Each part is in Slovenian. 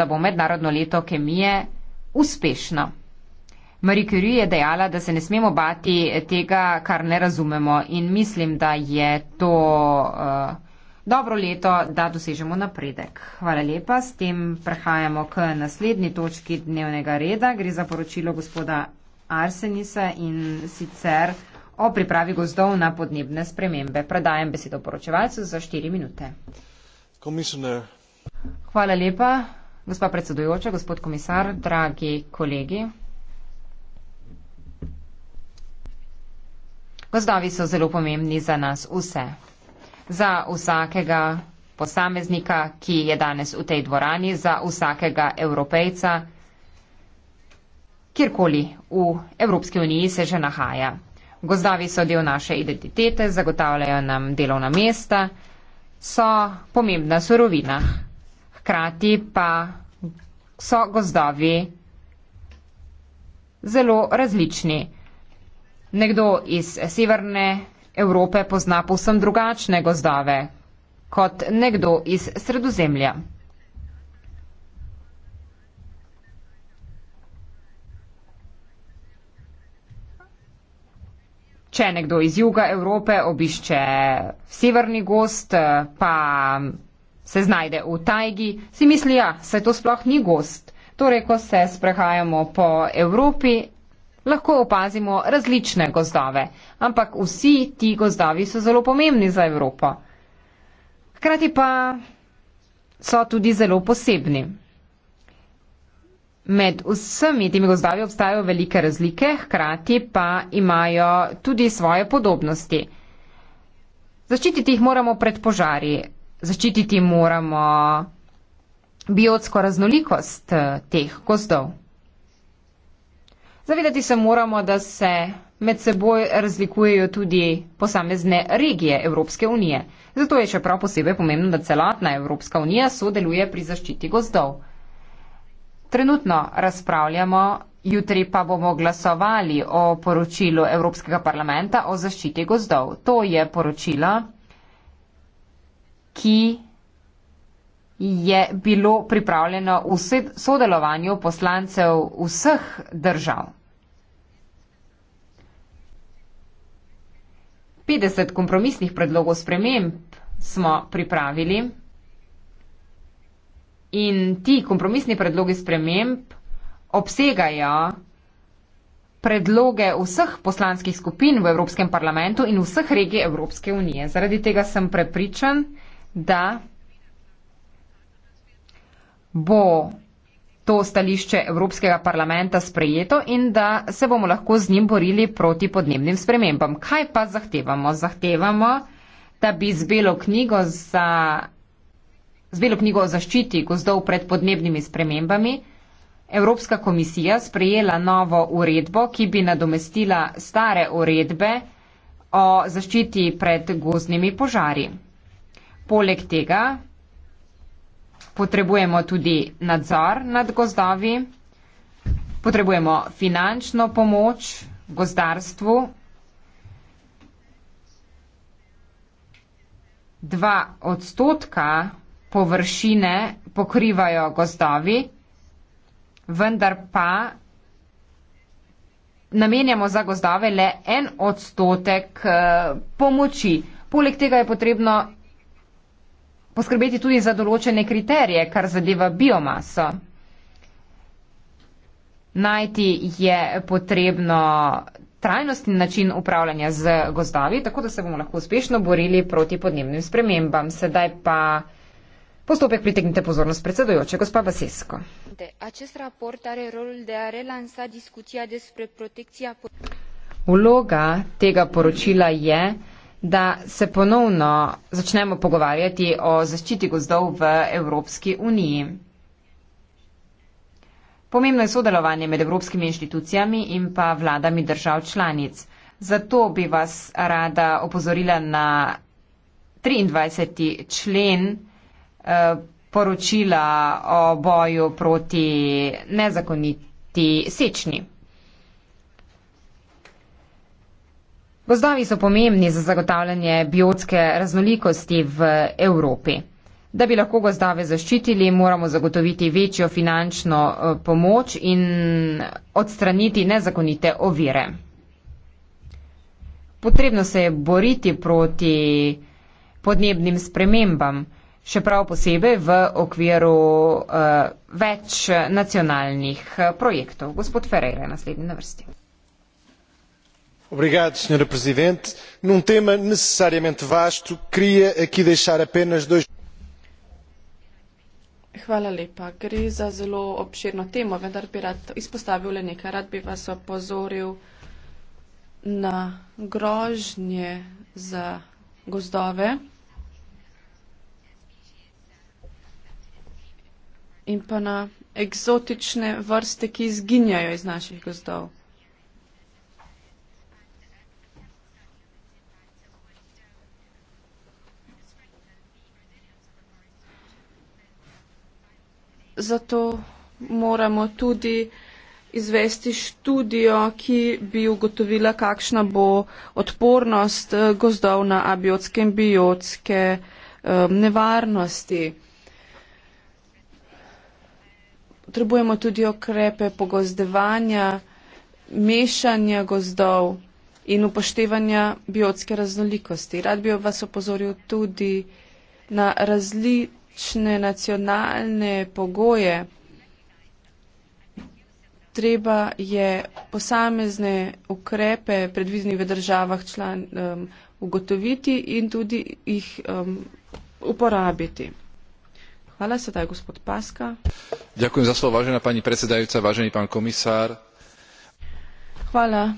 da bo mednarodno leto kemije uspešno. Marie Curie je dejala, da se ne smemo bati tega, kar ne razumemo in mislim, da je to uh, dobro leto, da dosežemo napredek. Hvala lepa. S tem prehajamo k naslednji točki dnevnega reda. Gre za poročilo gospoda Arsenisa in sicer o pripravi gozdov na podnebne spremembe. Predajam besedo poročevalcu za štiri minute. Komisioner. Hvala lepa. Gospa predsedujoča, gospod komisar, dragi kolegi. Gozdovi so zelo pomembni za nas vse. Za vsakega posameznika, ki je danes v tej dvorani, za vsakega evropejca, kjerkoli v Evropski uniji se že nahaja. Gozdovi so del naše identitete, zagotavljajo nam delovna mesta, so pomembna surovina hkrati pa so gozdovi zelo različni. Nekdo iz severne Evrope pozna povsem drugačne gozdove kot nekdo iz sredozemlja. Če nekdo iz juga Evrope obišče severni gost, pa se znajde v tajgi, si misli, ja, se to sploh ni gost. Torej, ko se sprehajamo po Evropi, lahko opazimo različne gozdove, ampak vsi ti gozdovi so zelo pomembni za Evropo. Hkrati pa so tudi zelo posebni. Med vsemi temi gozdavi obstajajo velike razlike, hkrati pa imajo tudi svoje podobnosti. Zaščititi jih moramo pred požari, zaščititi moramo biotsko raznolikost eh, teh gozdov. Zavedati se moramo, da se med seboj razlikujejo tudi posamezne regije Evropske unije. Zato je še prav posebej pomembno, da celotna Evropska unija sodeluje pri zaščiti gozdov. Trenutno razpravljamo, jutri pa bomo glasovali o poročilu Evropskega parlamenta o zaščiti gozdov. To je poročilo ki je bilo pripravljeno v sodelovanju poslancev vseh držav. 50 kompromisnih predlogov sprememb smo pripravili in ti kompromisni predlogi sprememb obsegajo predloge vseh poslanskih skupin v Evropskem parlamentu in vseh regij Evropske unije. Zaradi tega sem prepričan, da da bo to stališče Evropskega parlamenta sprejeto in da se bomo lahko z njim borili proti podnebnim spremembam. Kaj pa zahtevamo? Zahtevamo, da bi z belo knjigo za. Z belo knjigo o zaščiti gozdov pred podnebnimi spremembami Evropska komisija sprejela novo uredbo, ki bi nadomestila stare uredbe o zaščiti pred gozdnimi požari. Poleg tega potrebujemo tudi nadzor nad gozdavi, potrebujemo finančno pomoč gozdarstvu, dva odstotka površine pokrivajo gozdavi, vendar pa namenjamo za gozdave le en odstotek eh, pomoči. Poleg tega je potrebno poskrbeti tudi za določene kriterije, kar zadeva biomaso. Najti je potrebno trajnostni način upravljanja z gozdavi, tako da se bomo lahko uspešno borili proti podnebnim spremembam. Sedaj pa postopek pritegnite pozornost predsedojoče, gospa Basesko. Vloga tega poročila je, da se ponovno začnemo pogovarjati o zaščiti gozdov v Evropski uniji. Pomembno je sodelovanje med evropskimi inštitucijami in pa vladami držav članic. Zato bi vas rada opozorila na 23. člen eh, poročila o boju proti nezakoniti sečni. Gozdovi so pomembni za zagotavljanje biotske raznolikosti v Evropi. Da bi lahko gozdove zaščitili, moramo zagotoviti večjo finančno eh, pomoč in odstraniti nezakonite ovire. Potrebno se je boriti proti podnebnim spremembam, še prav posebej v okviru uh, več nacionalnih eh, projektov. Gospod Ferreira, naslednji na vrsti senhora presidente num tema necessariamente vasto queria aqui deixar apenas dois. hvala lepa gre za zelo obširno temo vendar bi rad izpostavil le nekaj rad bi vas opozoril na grožnje za gozdove in pa na eksotične vrste ki izginjajo iz naših gozdov. zato moramo tudi izvesti študijo, ki bi ugotovila, kakšna bo odpornost eh, gozdov na abiotske in biotske eh, nevarnosti. Potrebujemo tudi okrepe pogozdevanja, mešanja gozdov in upoštevanja biotske raznolikosti. Rad bi vas opozoril tudi na različne različne nacionalne pogoje. Treba je posamezne ukrepe predvizni v državah član um, ugotoviti in tudi jih um, uporabiti. Hvala se taj, gospod Paska. Ďakujem za slovo, vážená pani predsedajúca, vážený pán komisár. Hvala.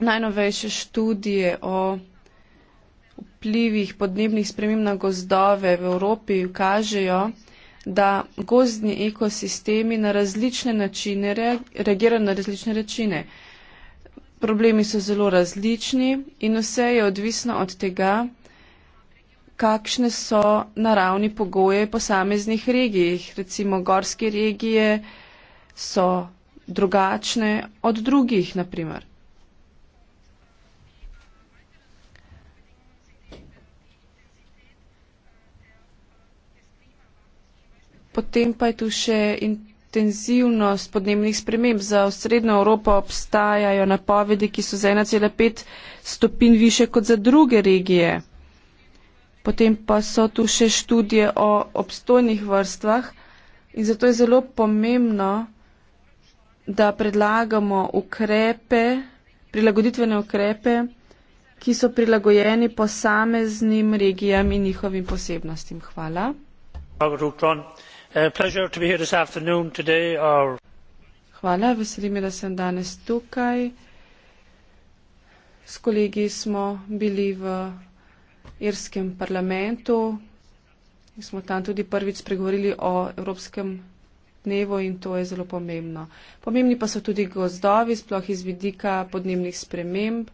Najnovejšie štúdie o vplivih podnebnih sprememb na gozdove v Evropi kažejo, da gozdni ekosistemi na različne načine reagirajo na različne načine. Problemi so zelo različni in vse je odvisno od tega, kakšne so naravni pogoje posameznih regij. Recimo gorske regije so drugačne od drugih, naprimer. potem pa je tu še intenzivnost podnebnih sprememb. Za osrednjo Evropo obstajajo napovedi, ki so za 1,5 stopin više kot za druge regije. Potem pa so tu še študije o obstojnih vrstvah in zato je zelo pomembno, da predlagamo ukrepe, prilagoditvene ukrepe, ki so prilagojeni posameznim regijam in njihovim posebnostim. Hvala. Hvala Uh, Hvala, veselim me, da sem danes tukaj. S kolegi smo bili v irskem parlamentu in smo tam tudi prvič spregovorili o Evropskem dnevu in to je zelo pomembno. Pomembni pa so tudi gozdovi, sploh iz vidika podnebnih sprememb.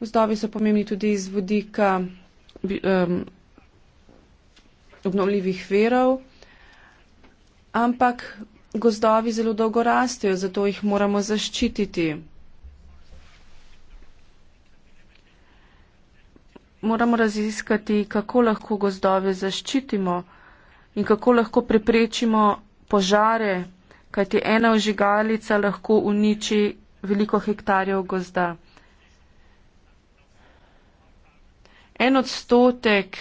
Gozdovi so pomembni tudi iz vidika. Um, obnovljivih verov, ampak gozdovi zelo dolgo rastejo, zato jih moramo zaščititi. Moramo raziskati, kako lahko gozdove zaščitimo in kako lahko preprečimo požare, kajti ena ožigalica lahko uniči veliko hektarjev gozda. En odstotek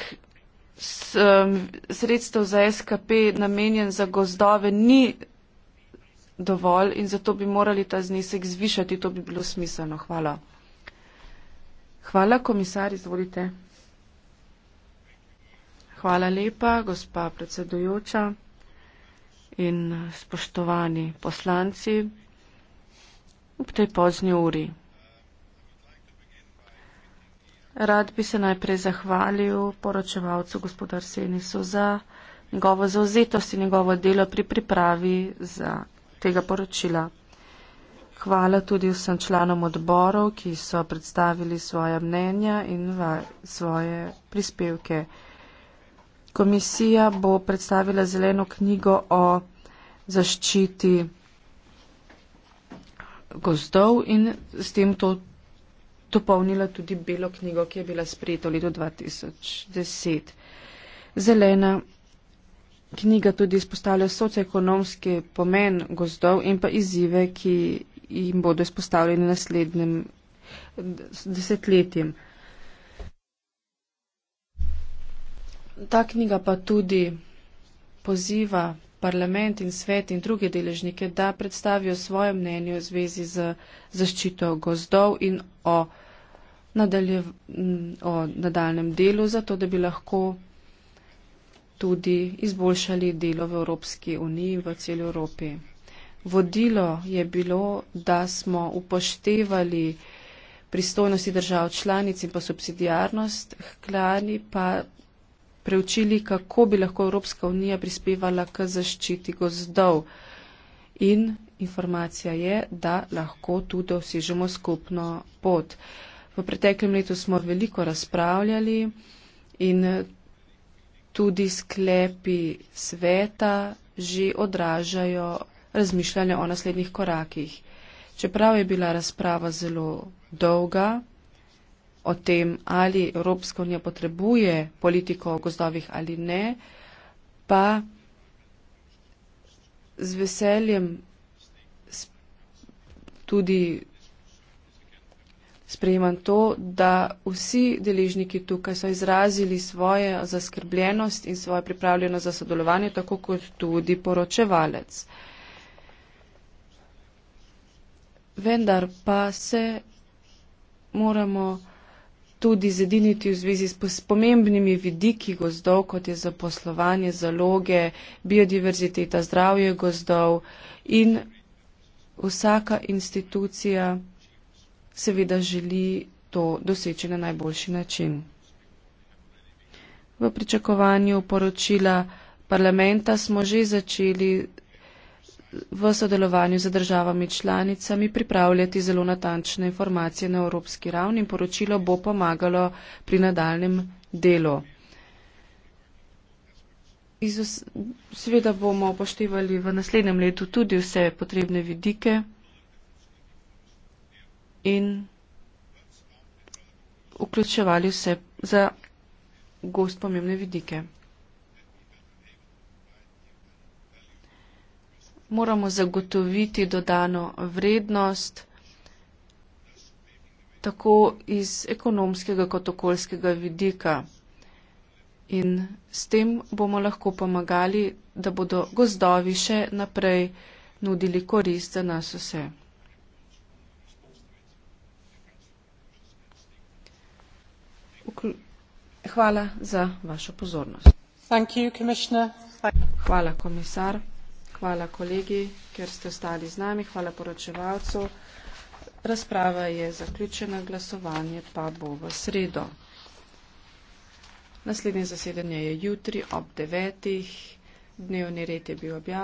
sredstev za SKP namenjen za gozdove ni dovolj in zato bi morali ta znesek zvišati. To bi bilo smiselno. Hvala. Hvala, komisar, izvolite. Hvala lepa, gospa predsedujoča in spoštovani poslanci ob tej pozni uri. Rad bi se najprej zahvalil poročevalcu gospodu Arsenisu za njegovo zauzetost in njegovo delo pri pripravi za tega poročila. Hvala tudi vsem članom odborov, ki so predstavili svoja mnenja in svoje prispevke. Komisija bo predstavila zeleno knjigo o zaščiti gozdov in s tem to dopolnila tudi belo knjigo, ki je bila sprejeta v letu 2010. Zelena knjiga tudi izpostavlja socioekonomski pomen gozdov in pa izzive, ki jim bodo izpostavljeni naslednjem desetletjem. Ta knjiga pa tudi poziva parlament in svet in druge deležnike, da predstavijo svoje mnenje v zvezi z zaščito gozdov in o nadalje, o nadaljem delu, zato da bi lahko tudi izboljšali delo v Evropski uniji, v celi Evropi. Vodilo je bilo, da smo upoštevali pristojnosti držav članic in pa subsidijarnost, hkrati pa preučili, kako bi lahko Evropska unija prispevala k zaščiti gozdov. In informacija je, da lahko tudi dosežemo skupno pot. V preteklem letu smo veliko razpravljali in tudi sklepi sveta že odražajo razmišljanje o naslednjih korakih. Čeprav je bila razprava zelo dolga o tem, ali Evropska unija potrebuje politiko o gozdovih ali ne, pa z veseljem tudi sprejemam to, da vsi deležniki tukaj so izrazili svoje zaskrbljenost in svoje pripravljenost za sodelovanje, tako kot tudi poročevalec. Vendar pa se moramo tudi zediniti v zvezi s pomembnimi vidiki gozdov, kot je zaposlovanje, zaloge, biodiverziteta, zdravje gozdov in vsaka institucija seveda želi to doseči na najboljši način. V pričakovanju poročila parlamenta smo že začeli v sodelovanju z državami članicami pripravljati zelo natančne informacije na evropski ravni in poročilo bo pomagalo pri nadaljem delu. Seveda bomo poštevali v naslednjem letu tudi vse potrebne vidike in vključevali vse za gost pomembne vidike. Moramo zagotoviti dodano vrednost tako iz ekonomskega kot okoljskega vidika. In s tem bomo lahko pomagali, da bodo gozdovi še naprej nudili korist za nas vse. hvala za vašo pozornost. Thank you, hvala komisar, hvala kolegi, ker ste ostali z nami, hvala poročevalcu. Razprava je zaključena, glasovanje pa bo v sredo. Naslednje zasedanje je jutri ob devetih, dnevni red je bil objavljen.